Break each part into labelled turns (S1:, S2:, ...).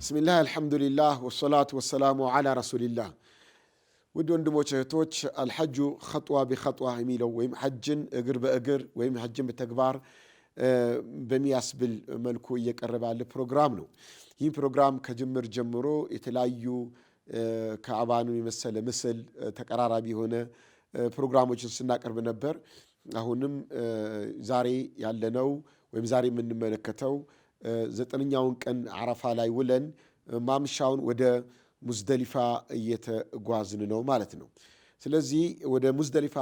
S1: ብስሚላህ አልሐምዱሊላህ ወሰላቱ ወሰላሙ ዓላ ረሱሊላህ። ውድ ወንድሞች እህቶች፣ አልሐጁ ከጥዋ ቢኸጥዋ የሚለው ወይም ሐጅን እግር በእግር ወይም ሐጅን በተግባር በሚያስብል መልኩ እየቀረበ ያለ ፕሮግራም ነው። ይህ ፕሮግራም ከጅምር ጀምሮ የተለያዩ ከአባኑ የመሰለ ምስል ተቀራራቢ የሆነ ፕሮግራሞችን ስናቀርብ ነበር። አሁንም ዛሬ ያለነው ወይም ዛሬ የምንመለከተው ዘጠነኛውን ቀን አረፋ ላይ ውለን ማምሻውን ወደ ሙዝደሊፋ እየተጓዝን ነው ማለት ነው። ስለዚህ ወደ ሙዝደሊፋ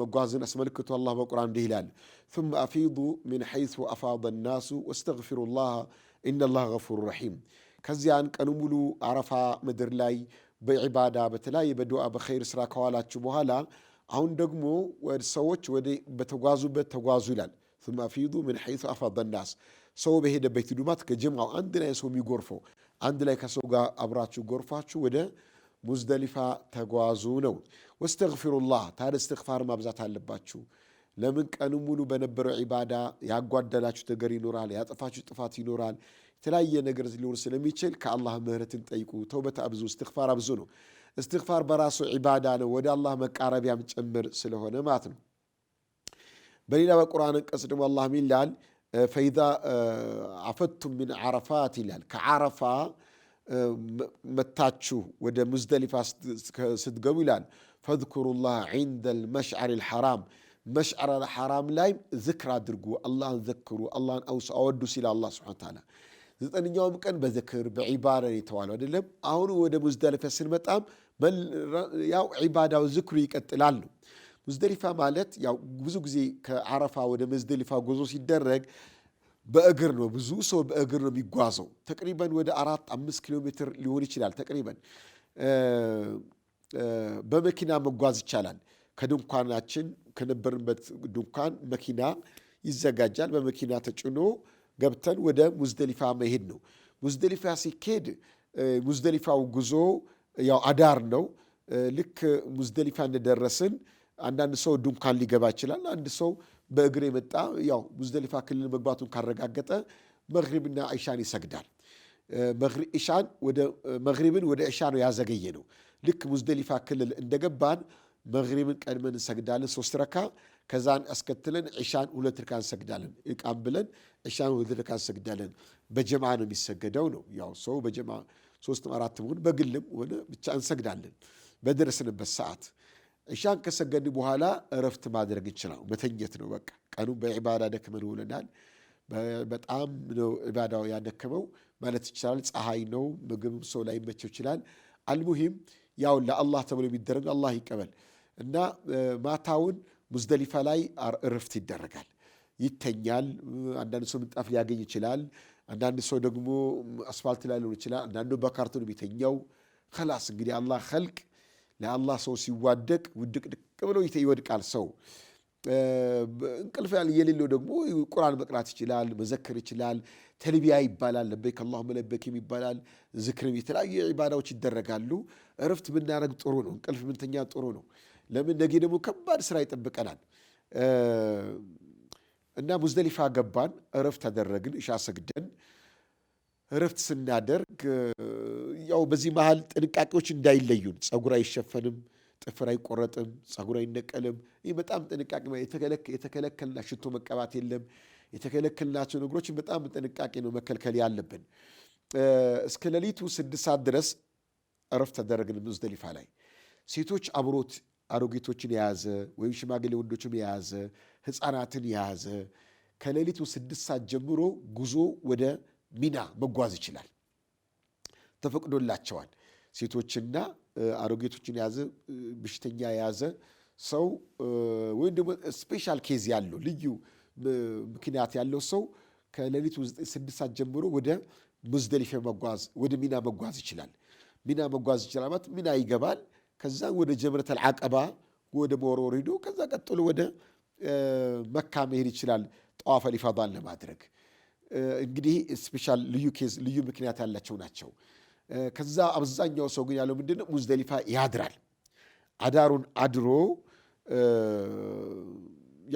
S1: መጓዝን አስመልክቶ አላህ በቁርአን እንዲህ ይላል፣ ثم أفيضوا من حيث أفاض الناس واستغفروا الله إن الله غفور ከዚያን ቀኑ ሙሉ አረፋ ምድር ላይ በዒባዳ በተለያየ በዱዓ በኸይር ስራ ከዋላችሁ በኋላ አሁን ደግሞ ሰዎች በተጓዙበት ተጓዙ ይላል ثم أفيضوا من حيث أفاض الناس ሰው በሄደበት ሂዱማት ከጀምዓው አንድ ላይ ሰው የሚጎርፈው አንድ ላይ ከሰው ጋር አብራችሁ ጎርፋችሁ ወደ ሙዝደሊፋ ተጓዙ ነው። ወስተግፊሩላህ ታዲያ እስትግፋር ማብዛት አለባችሁ። ለምን ቀን ሙሉ በነበረው ዒባዳ ያጓደላችሁ ነገር ይኖራል፣ ያጠፋችሁ ጥፋት ይኖራል። የተለያየ ነገር ሊሆን ስለሚችል ከአላህ ምህረትን ጠይቁ። ተውበት አብዙ፣ እስትግፋር አብዙ ነው። እስትግፋር በራሱ ዒባዳ ነው፣ ወደ አላህ መቃረቢያም ጭምር ስለሆነ ማለት ነው። በሌላ በቁርአን አንቀጽ ደግሞ አላህ ሚላል ፈኢዛ አፈቱ ሚን ዓረፋት ይላል። ከዓረፋ መታችሁ ወደ ሙዝደሊፋ ስትገቡ ይላል ፈዝኩሩላህ ዒንደል መሽዓሪል ሐራም መሽዓሪል ሐራም ላይ ዝክር አድርጉ፣ አላህን ዘክሩ፣ አላህን አወዱስ ይላል አላህ ሱብሓነሁ ወተዓላ። ዘጠነኛውም ቀን በዝክር በዒባዳ የተዋለው አይደለም። አሁን ወደ ሙዝደሊፋ ስንመጣም ያው ዒባዳው ዝክሩ ይቀጥላል ነው ሙዝደሊፋ ማለት ያው ብዙ ጊዜ ከአረፋ ወደ ሙዝደሊፋ ጉዞ ሲደረግ በእግር ነው። ብዙ ሰው በእግር ነው የሚጓዘው። ተቅሪበን ወደ አራት አምስት ኪሎ ሜትር ሊሆን ይችላል። ተቅሪበን በመኪና መጓዝ ይቻላል። ከድንኳናችን ከነበርንበት ድንኳን መኪና ይዘጋጃል። በመኪና ተጭኖ ገብተን ወደ ሙዝደሊፋ መሄድ ነው። ሙዝደሊፋ ሲኬድ ሙዝደሊፋው ጉዞ ያው አዳር ነው። ልክ ሙዝደሊፋ እንደደረስን አንዳንድ ሰው ዱንኳን ሊገባ ይችላል። አንድ ሰው በእግር የመጣ ያው ሙዝደሊፋ ክልል መግባቱን ካረጋገጠ መግሪብና ኢሻን ይሰግዳል። ኢሻን ወደ መግሪብን ወደ ኢሻ ነው ያዘገየ ነው። ልክ ሙዝደሊፋ ክልል እንደገባን መግሪብን ቀድመን እንሰግዳለን ሶስት ረካ። ከዛን አስከትለን ኢሻን ሁለት ረካ እንሰግዳለን። እቃም ብለን ኢሻን ሁለት ረካ እንሰግዳለን። በጀማ ነው የሚሰገደው ነው ያው ሰው በጀማ ሶስትም አራትም ሆን በግልም ሆነ ብቻ እንሰግዳለን በደረስንበት ሰዓት እሻን ከሰገድ በኋላ እረፍት ማድረግ ይችላል። መተኘት ነው በቃ። ቀኑ በዒባዳ ደክመን ውለናል። በጣም ነው ዒባዳው ያደከመው ማለት ይችላል። ፀሐይ ነው፣ ምግብም ሰው ላይ መቸው ይችላል። አልሙሂም ያው ለአላህ ተብሎ የሚደረግ አላህ ይቀበል እና ማታውን ሙዝደሊፋ ላይ እረፍት ይደረጋል፣ ይተኛል። አንዳንድ ሰው ምንጣፍ ሊያገኝ ይችላል። አንዳንድ ሰው ደግሞ አስፋልት ላይ ሊሆን ይችላል። አንዳንዱ በካርቶን የሚተኛው ከላስ እንግዲህ አላህ ኸልቅ ለአላህ ሰው ሲዋደቅ ውድቅድቅ ብሎ ይወድቃል ሰው። እንቅልፍ የሌለው ደግሞ ቁርአን መቅራት ይችላል፣ መዘክር ይችላል። ተልቢያ ይባላል፣ ለበይክ አላሁመ ለበይክም ይባላል። ዝክርም የተለያዩ ኢባዳዎች ይደረጋሉ። እረፍት ብናደርግ ጥሩ ነው። እንቅልፍ ብንተኛ ጥሩ ነው። ለምን ነገ ደግሞ ከባድ ስራ ይጠብቀናል እና ሙዝደሊፋ ገባን፣ እረፍት አደረግን፣ እሻ ሰግደን እረፍት ስናደርግ ያው በዚህ መሀል ጥንቃቄዎች እንዳይለዩን፣ ጸጉር አይሸፈንም፣ ጥፍር አይቆረጥም፣ ጸጉር አይነቀልም። ይህ በጣም ጥንቃቄ የተከለከልና ሽቶ መቀባት የለም። የተከለከልናቸው ነገሮችን በጣም ጥንቃቄ ነው መከልከል ያለብን። እስከ ሌሊቱ ስድስት ሰዓት ድረስ እረፍት ተደረግን ሙዝደሊፋ ላይ። ሴቶች አብሮት አሮጌቶችን የያዘ ወይም ሽማግሌ ወንዶችም የያዘ ህፃናትን የያዘ ከሌሊቱ ስድስት ሰዓት ጀምሮ ጉዞ ወደ ሚና መጓዝ ይችላል። ተፈቅዶላቸዋል። ሴቶችና አሮጌቶችን የያዘ በሽተኛ የያዘ ሰው ወይም ደግሞ ስፔሻል ኬዝ ያለው ልዩ ምክንያት ያለው ሰው ከሌሊቱ ስድስት ሰዓት ጀምሮ ወደ ሙዝደሊፌ መጓዝ ወደ ሚና መጓዝ ይችላል። ሚና መጓዝ ይችላል ማለት ሚና ይገባል። ከዛ ወደ ጀምረት አልዓቀባ ወደ መወርወር ከዛ ቀጥሎ ወደ መካ መሄድ ይችላል ጠዋፈ ሊፋዳን ለማድረግ እንግዲህ ስፔሻል ልዩ ኬዝ ልዩ ምክንያት ያላቸው ናቸው። ከዛ አብዛኛው ሰው ግን ያለው ምንድነው ሙዝደሊፋ ያድራል። አዳሩን አድሮ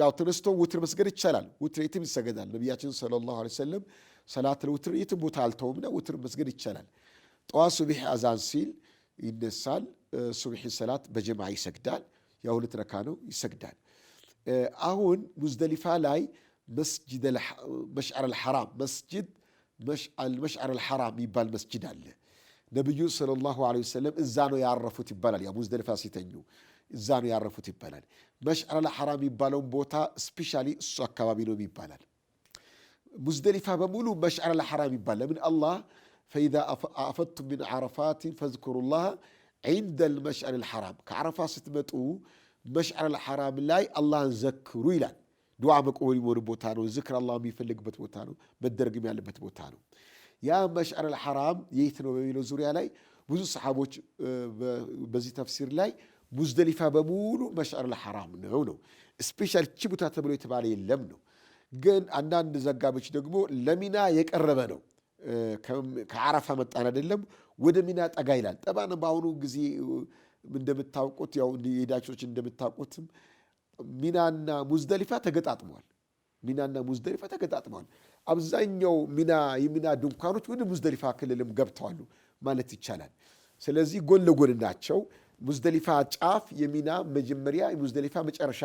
S1: ያው ተነስቶ ውትር መስገድ ይቻላል። ውትር የትም ይሰገዳል። ነቢያችን ሰለላሁ ዐለይሂ ወሰለም ሰላት ለውትር የትም ቦታ አልተውምና ውትር መስገድ ይቻላል። ጠዋት ሱብሒ አዛን ሲል ይነሳል። ሱብሒ ሰላት በጀማ ይሰግዳል። የሁለት ረካ ነው ይሰግዳል። አሁን ሙዝደሊፋ ላይ መስጅድ መሽዓር አልሐራም መስጅድ መሽዓር አልሐራም የሚባል መስጅድ አለ። ነቢዩ ሰለላሁ ዐለይሂ ወሰለም እዛ ነው ያረፉት ይባላል። ያ ሙዝደሊፋ ሲተኙ እዛ ነው ያረፉት ይባላል። መሽዓር አልሐራም የሚባለውን ቦታ ስፔሻሊ እሱ አካባቢ ነው ይባላል። ሙዝደሊፋ በሙሉ መሽዓር አልሐራም ይባላል። ለምን አላህ ፈኢዛ አፈቱም ሚን ዓረፋቲን ፈዝኩሩላህ ዒንደ ልመሽዓር አልሐራም ከዓረፋ ስትመጡ መሽዓር አልሐራም ላይ አላህን ዘክሩ ይላል። ዱዓ መቅቡል የሚሆን ቦታ ነው። ዝክር አላህ የሚፈልግበት ቦታ ነው። መደረግም ያለበት ቦታ ነው። ያ መሽዓር አልሐራም የት ነው በሚለው ዙሪያ ላይ ብዙ ሰሓቦች በዚህ ተፍሲር ላይ ሙዝደሊፋ በሙሉ መሽዓር አልሐራም ነው ነው ስፔሻል ቺ ቦታ ተብሎ የተባለ የለም ነው። ግን አንዳንድ ዘጋቢዎች ደግሞ ለሚና የቀረበ ነው ከዓረፋ መጣን አይደለም ወደ ሚና ጠጋ ይላል። ጠባን በአሁኑ ጊዜ እንደምታውቁት ያው የዳቾች እንደምታውቁትም ሚናና ሙዝደሊፋ ተገጣጥመዋል። ሚናና ሙዝደሊፋ ተገጣጥመዋል። አብዛኛው ሚና የሚና ድንኳኖች ወደ ሙዝደሊፋ ክልልም ገብተዋሉ ማለት ይቻላል። ስለዚህ ጎን ለጎን ናቸው። ሙዝደሊፋ ጫፍ የሚና መጀመሪያ፣ የሙዝደሊፋ መጨረሻ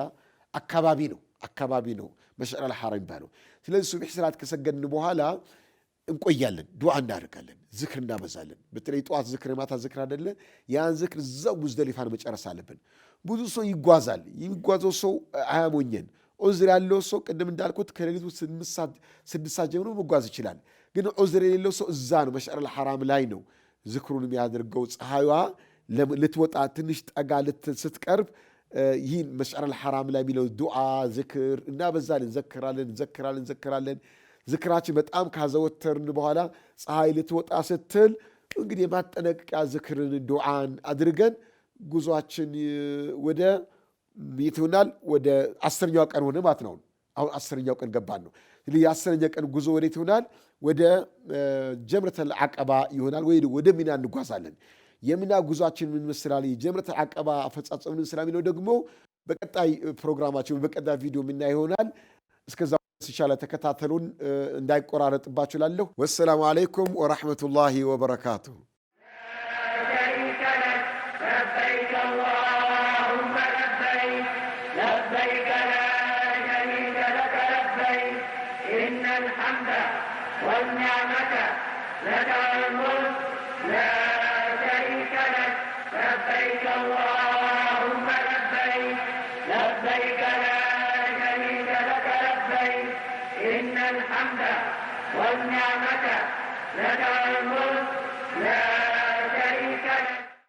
S1: አካባቢ ነው አካባቢ ነው መሽዕር አልሐራም ይባለው። ስለዚህ ሱብሒ ሰላት ከሰገድን በኋላ እንቆያለን፣ ዱዓ እናደርጋለን፣ ዝክር እናበዛለን። በተለይ ጠዋት ዝክር፣ ማታ ዝክር አደለ? ያን ዝክር እዛው ሙዝደሊፋን መጨረስ አለብን። ብዙ ሰው ይጓዛል። የሚጓዘው ሰው አያሞኘን። ዑዝር ያለው ሰው ቅድም እንዳልኩት ከሌሊቱ ስድስት ሰዓት ጀምሮ መጓዝ ይችላል። ግን ዑዝር የሌለው ሰው እዛ ነው መሽዓረል ሐራም ላይ ነው ዝክሩን የሚያደርገው። ፀሐይዋ ልትወጣ ትንሽ ጠጋ ስትቀርብ ይህን መሽዓረል ሐራም ላይ የሚለው ዱዓ ዝክር እናበዛለን፣ እንዘክራለን፣ እንዘክራለን፣ ዘክራለን ዝክራችን በጣም ካዘወተርን በኋላ ፀሐይ ልትወጣ ስትል እንግዲህ የማጠናቀቂያ ዝክርን ዱዓን አድርገን ጉዟችን ወደ የት ይሆናል? ወደ አስረኛው ቀን ሆነ ማለት ነው። አሁን አስረኛው ቀን ገባን ነው። ስለዚህ የአስረኛ ቀን ጉዞ ወዴት ይሆናል? ወደ ጀምረተል አቀባ ይሆናል፣ ወይ ወደ ሚና እንጓዛለን። የሚና ጉዟችን ምን ይመስላል? የጀምረተል አቀባ አፈጻጸምን ስላሚለው ደግሞ በቀጣይ ፕሮግራማችን በቀጣይ ቪዲዮ ምና ይሆናል እስከዛ ሲሻለ ተከታተሉን፣ እንዳይቆራረጥባችሁ እላለሁ። ወሰላሙ አለይኩም ወራህመቱላሂ ወበረካቱሁ። والنعمة لك الملك لا شريك لك لبيك الله ဝိညာဏကလက်တော်